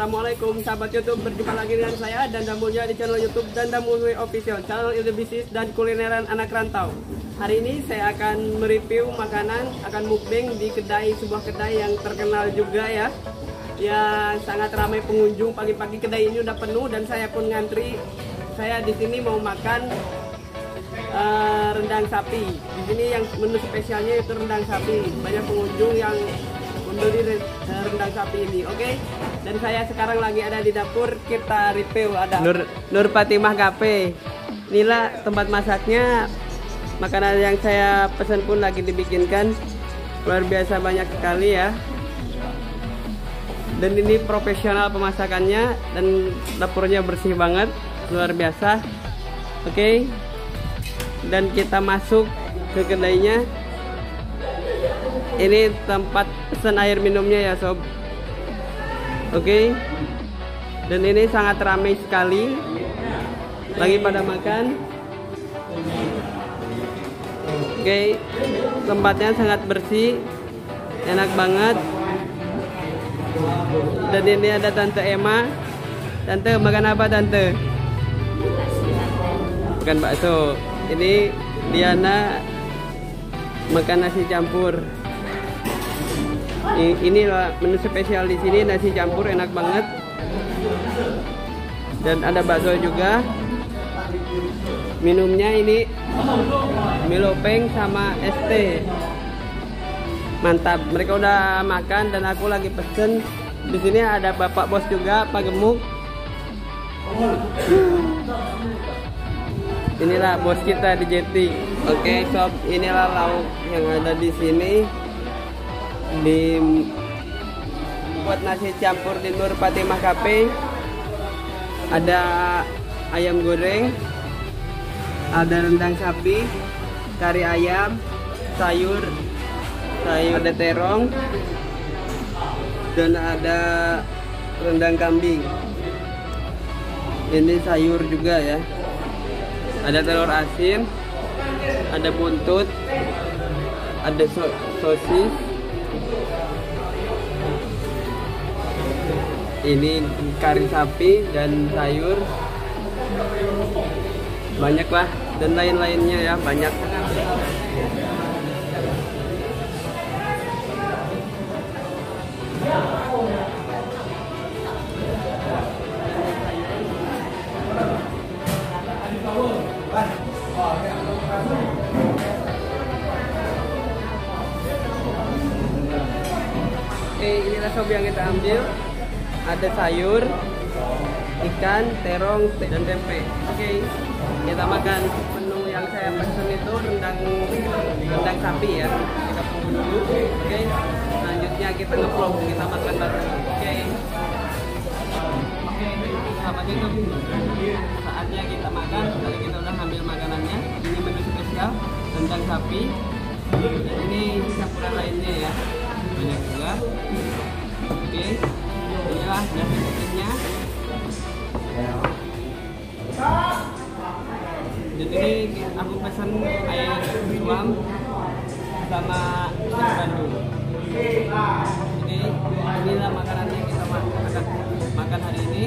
Assalamualaikum sahabat YouTube, berjumpa lagi dengan saya dan Mulya di channel YouTube dan Mulya Official, channel ilmu bisnis dan kulineran anak rantau. Hari ini saya akan mereview makanan, akan mukbang di kedai sebuah kedai yang terkenal juga ya. Ya sangat ramai pengunjung pagi-pagi kedai ini udah penuh dan saya pun ngantri. Saya di sini mau makan uh, rendang sapi. Di sini yang menu spesialnya itu rendang sapi. Banyak pengunjung yang membeli eh, rendang sapi ini. Oke. Okay? dan saya sekarang lagi ada di dapur kita review ada Nur Nur Fatimah Gape inilah tempat masaknya makanan yang saya pesan pun lagi dibikinkan luar biasa banyak sekali ya dan ini profesional pemasakannya dan dapurnya bersih banget luar biasa oke okay. dan kita masuk ke kedainya ini tempat pesan air minumnya ya sob oke dan ini sangat ramai sekali lagi pada makan oke tempatnya sangat bersih enak banget dan ini ada tante Emma tante makan apa tante makan bakso ini Diana makan nasi campur ini menu spesial di sini nasi campur enak banget dan ada bakso juga minumnya ini Milo Peng sama ST mantap mereka udah makan dan aku lagi pesen di sini ada bapak bos juga pak gemuk inilah bos kita di JT oke okay, sob inilah lauk yang ada di sini di buat nasi campur di Nur Fatimah Cafe ada ayam goreng ada rendang sapi kari ayam sayur sayur ada terong dan ada rendang kambing ini sayur juga ya ada telur asin ada buntut ada so sosis ini kari sapi dan sayur banyaklah dan lain-lainnya ya banyak ada sayur, ikan, terong, dan tempe. Oke, okay. kita makan. Menu yang saya pesan itu rendang rendang sapi ya. Kita tunggu dulu. Oke, okay. selanjutnya kita ngeplong, kita makan bareng. Oke. Okay. Oke, sahabat saatnya kita makan. Kali kita udah ambil makanannya. Ini menu spesial rendang sapi. Dan ini campuran lainnya ya. Banyak juga. Oke. Okay jadi ini aku pesan air suam sama es bandung jadi inilah makanannya kita makan makan hari ini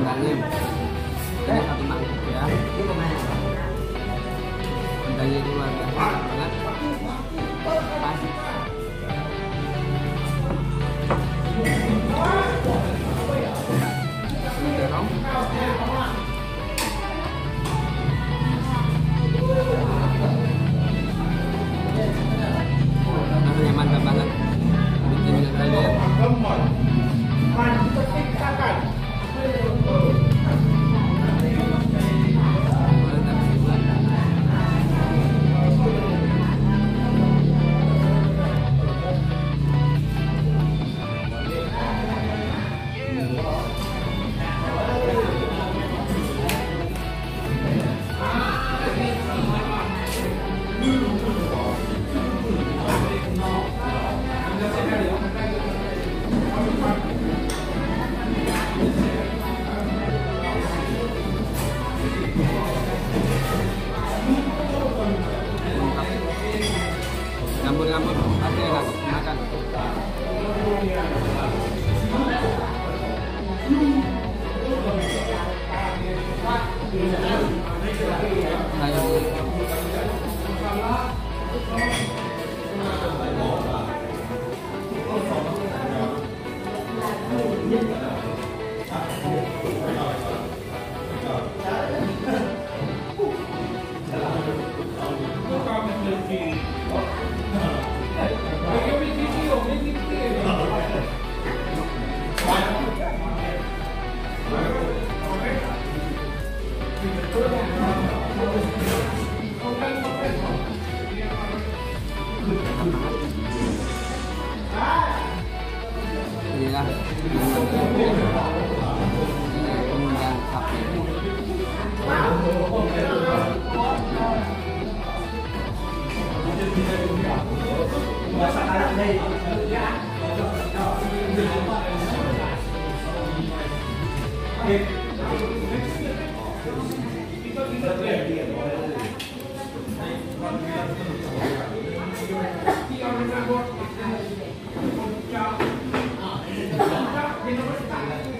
kentangnya ini satu mangkuk ya kentangnya ini luar biasa ya. banget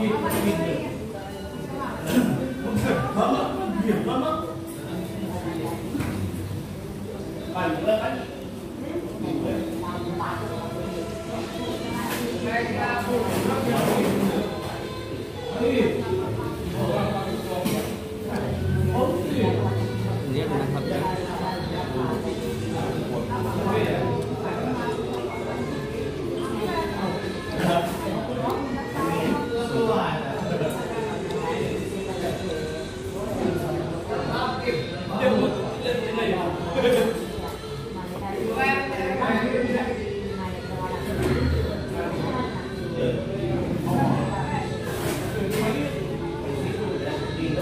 Thank you.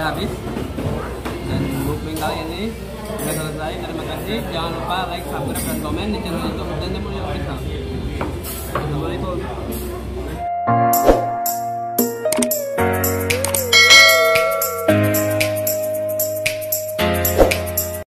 sudah habis dan booking kali ini sudah selesai terima kasih jangan lupa like subscribe dan komen di channel youtube dan temunya official